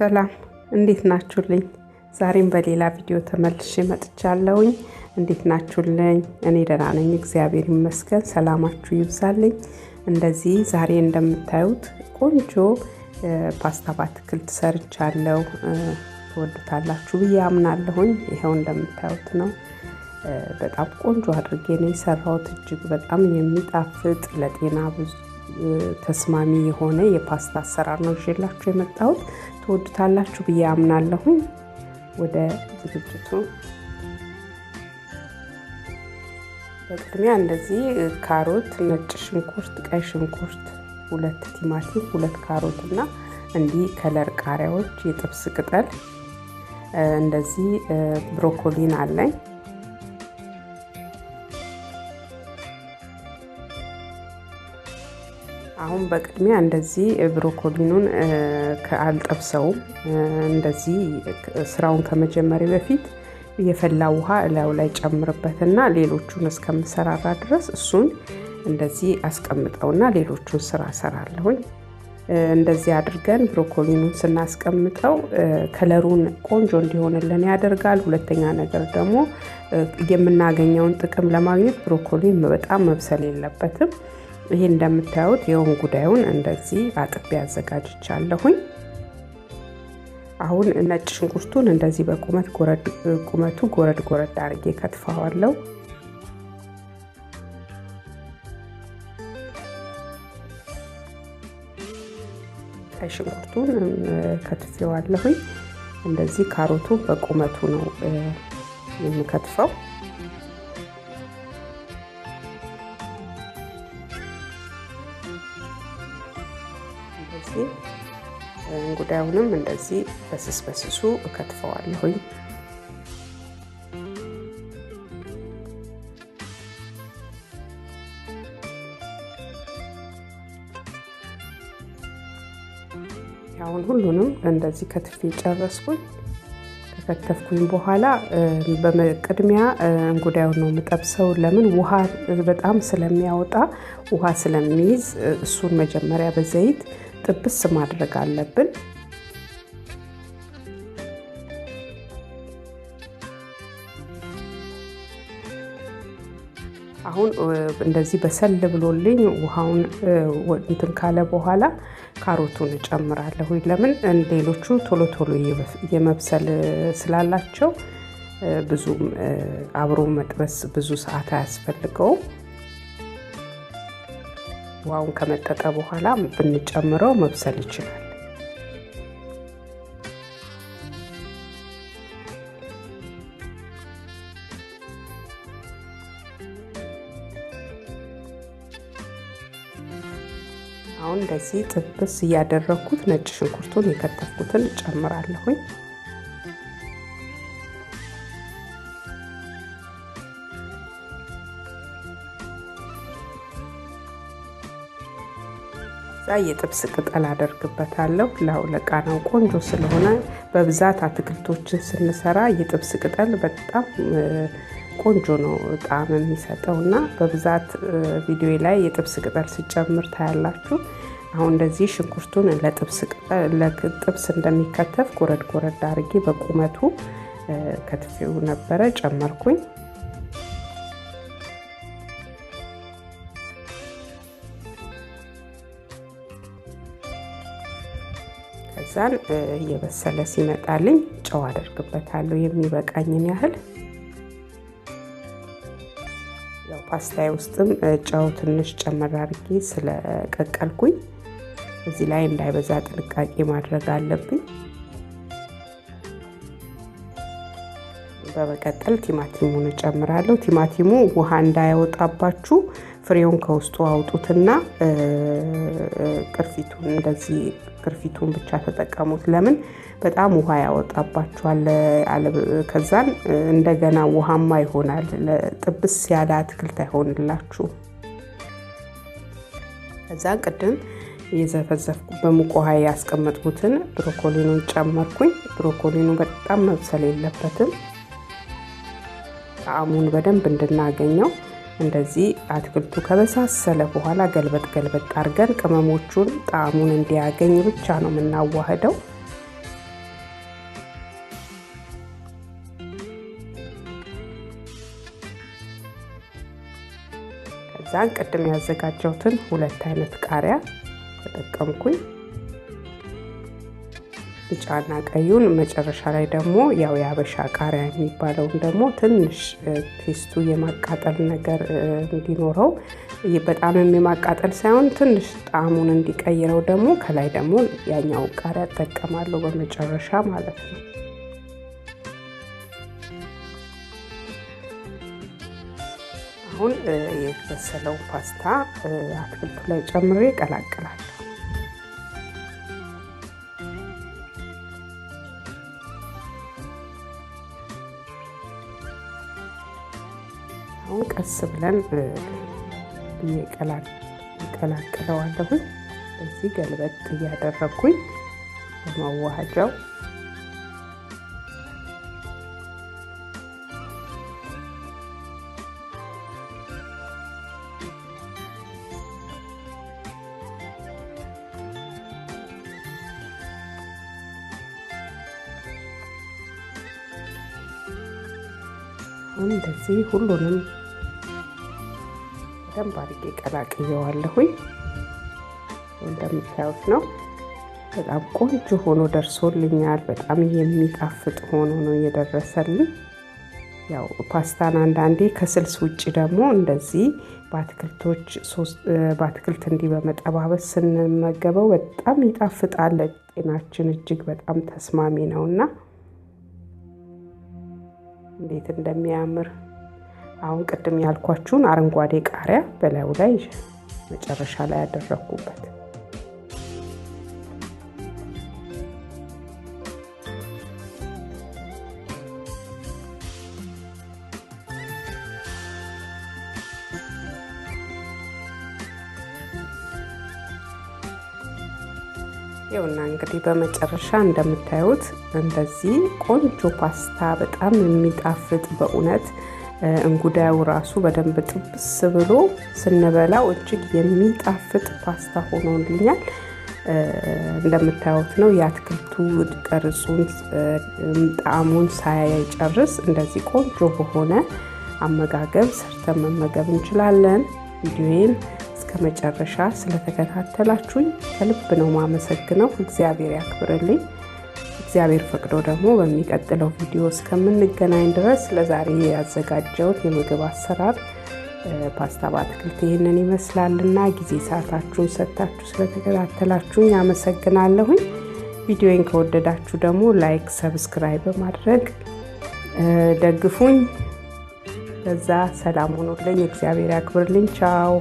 ሰላም እንዴት ናችሁልኝ? ዛሬም በሌላ ቪዲዮ ተመልሼ መጥቻለሁኝ። እንዴት ናችሁልኝ? እኔ ደህና ነኝ፣ እግዚአብሔር ይመስገን። ሰላማችሁ ይብዛልኝ። እንደዚህ ዛሬ እንደምታዩት ቆንጆ ፓስታ በአትክልት ሰርቻለሁ። ትወዱታላችሁ ብዬ አምናለሁኝ። ይኸው እንደምታዩት ነው። በጣም ቆንጆ አድርጌ ነው የሰራሁት። እጅግ በጣም የሚጣፍጥ ለጤና ብዙ ተስማሚ የሆነ የፓስታ አሰራር ነው ይዤላችሁ የመጣሁት። ትወዱታላችሁ ብዬ አምናለሁኝ። ወደ ዝግጅቱ በቅድሚያ እንደዚህ ካሮት፣ ነጭ ሽንኩርት፣ ቀይ ሽንኩርት፣ ሁለት ቲማቲም፣ ሁለት ካሮት እና እንዲህ ከለር ቃሪያዎች፣ የጥብስ ቅጠል እንደዚህ ብሮኮሊን አለኝ አሁን በቅድሚያ እንደዚህ ብሮኮሊኑን አልጠብሰውም። እንደዚህ ስራውን ከመጀመሪ በፊት የፈላ ውሃ እላዩ ላይ ጨምርበትና ሌሎቹን እስከምሰራራ ድረስ እሱን እንደዚህ አስቀምጠውና ሌሎቹን ስራ ሰራለሁኝ። እንደዚህ አድርገን ብሮኮሊኑን ስናስቀምጠው ከለሩን ቆንጆ እንዲሆንልን ያደርጋል። ሁለተኛ ነገር ደግሞ የምናገኘውን ጥቅም ለማግኘት ብሮኮሊን በጣም መብሰል የለበትም። ይሄ እንደምታዩት የወን ጉዳዩን እንደዚህ አጥቤ አዘጋጅቻለሁኝ። አሁን ነጭ ሽንኩርቱን እንደዚህ በቁመት ቁመቱ ጎረድ ጎረድ አድርጌ ከትፈዋለሁ። ቀይ ሽንኩርቱን ከትፌዋለሁኝ። እንደዚህ ካሮቱ በቁመቱ ነው የምከትፈው። እንጉዳዩንም እንደዚህ በስስ በስሱ እከትፈዋለሁኝ። አሁን ሁሉንም እንደዚህ ከትፌ ጨረስኩኝ። ከከተፍኩኝ በኋላ በቅድሚያ እንጉዳዩን ነው የምጠብሰው። ለምን ውሃ በጣም ስለሚያወጣ ውሃ ስለሚይዝ እሱን መጀመሪያ በዘይት ጥብስ ማድረግ አለብን። አሁን እንደዚህ በሰል ብሎልኝ ውሃውን እንትን ካለ በኋላ ካሮቱን እጨምራለሁ። ለምን ሌሎቹ ቶሎ ቶሎ የመብሰል ስላላቸው ብዙ አብሮ መጥበስ ብዙ ሰዓት አያስፈልገውም። ውሃውን ከመጠጠ በኋላ ብንጨምረው መብሰል ይችላል። አሁን እንደዚህ ጥብስ እያደረግኩት ነጭ ሽንኩርቱን የከተፍኩትን ጨምራለሁኝ። ከዛ የጥብስ ቅጠል አደርግበታለሁ። ለቃናው ቆንጆ ስለሆነ በብዛት አትክልቶችን ስንሰራ የጥብስ ቅጠል በጣም ቆንጆ ነው ጣዕም የሚሰጠው እና በብዛት ቪዲዮ ላይ የጥብስ ቅጠል ሲጨምር ታያላችሁ። አሁን እንደዚህ ሽንኩርቱን ለጥብስ እንደሚከተፍ ጎረድ ጎረድ አድርጌ በቁመቱ ከትፌው ነበረ ጨመርኩኝ። ከዛን እየበሰለ ሲመጣልኝ ጨው አደርግበታለሁ የሚበቃኝን ያህል ያው ፓስታዬ ውስጥም ጨው ትንሽ ጨመር አድርጌ ስለቀቀልኩኝ እዚህ ላይ እንዳይበዛ ጥንቃቄ ማድረግ አለብኝ። በመቀጠል ቲማቲሙን እጨምራለሁ። ቲማቲሙ ውሃ እንዳያወጣባችሁ ፍሬውን ከውስጡ አውጡትና ቅርፊቱን እንደዚህ ቅርፊቱን ብቻ ተጠቀሙት። ለምን በጣም ውሃ ያወጣባችኋል። ከዛን እንደገና ውሃማ ይሆናል። ጥብስ ያለ አትክልት አይሆንላችሁ። ከዛ ቅድም የዘፈዘፍኩ በሙቅ ውሃ ያስቀመጥኩትን ብሮኮሊኑን ጨመርኩኝ። ብሮኮሊኑ በጣም መብሰል የለበትም። ጣዕሙን በደንብ እንድናገኘው እንደዚህ አትክልቱ ከበሳሰለ በኋላ ገልበጥ ገልበጥ አድርገን ቅመሞቹን ጣዕሙን እንዲያገኝ ብቻ ነው የምናዋህደው። ከዛን ቅድም ያዘጋጀሁትን ሁለት አይነት ቃሪያ ተጠቀምኩኝ። ቢጫና ቀዩን መጨረሻ ላይ ደግሞ ያው የአበሻ ቃሪያ የሚባለውን ደግሞ ትንሽ ቴስቱ የማቃጠል ነገር እንዲኖረው በጣም የማቃጠል ሳይሆን ትንሽ ጣዕሙን እንዲቀይረው ደግሞ ከላይ ደግሞ ያኛው ቃሪያ እጠቀማለሁ በመጨረሻ ማለት ነው። አሁን የበሰለው ፓስታ አትክልቱ ላይ ጨምሬ እቀላቅላለሁ። ቀስ ብለን እቀላቅለዋለሁኝ። እዚህ ገልበጥ እያደረግኩኝ በማዋሃጃው እንደዚህ ሁሉንም በደንብ አድርጌ ቀላቅየዋለሁኝ። እንደምታዩት ነው። በጣም ቆንጆ ሆኖ ደርሶልኛል። በጣም የሚጣፍጥ ሆኖ ነው የደረሰልኝ። ያው ፓስታን አንዳንዴ ከስልስ ውጭ ደግሞ እንደዚህ በአትክልቶች በአትክልት እንዲህ በመጠባበስ ስንመገበው በጣም ይጣፍጣል። ጤናችን እጅግ በጣም ተስማሚ ነውና እንዴት እንደሚያምር አሁን ቅድም ያልኳችሁን አረንጓዴ ቃሪያ በላዩ ላይ መጨረሻ ላይ ያደረግኩበት ይኸውና እንግዲህ በመጨረሻ እንደምታዩት እንደዚህ ቆንጆ ፓስታ በጣም የሚጣፍጥ በእውነት እንጉዳዩ ራሱ በደንብ ጥብስ ብሎ ስንበላው እጅግ የሚጣፍጥ ፓስታ ሆኖልኛል። እንደምታዩት ነው የአትክልቱ ቅርጹን ጣዕሙን ሳይጨርስ እንደዚህ ቆንጆ በሆነ አመጋገብ ሰርተን መመገብ እንችላለን። ቪዲዮዬን እስከ መጨረሻ ስለተከታተላችሁኝ ከልብ ነው ማመሰግነው። እግዚአብሔር ያክብርልኝ። እግዚአብሔር ፈቅዶ ደግሞ በሚቀጥለው ቪዲዮ እስከምንገናኝ ድረስ ለዛሬ ያዘጋጀውት የምግብ አሰራር ፓስታ በአትክልት ይህንን ይመስላልና ጊዜ ሰዓታችሁን ሰጥታችሁ ስለተከታተላችሁኝ አመሰግናለሁኝ። ቪዲዮን ከወደዳችሁ ደግሞ ላይክ፣ ሰብስክራይብ በማድረግ ደግፉኝ። በዛ ሰላም ሆኖልኝ እግዚአብሔር ያክብርልኝ። ቻው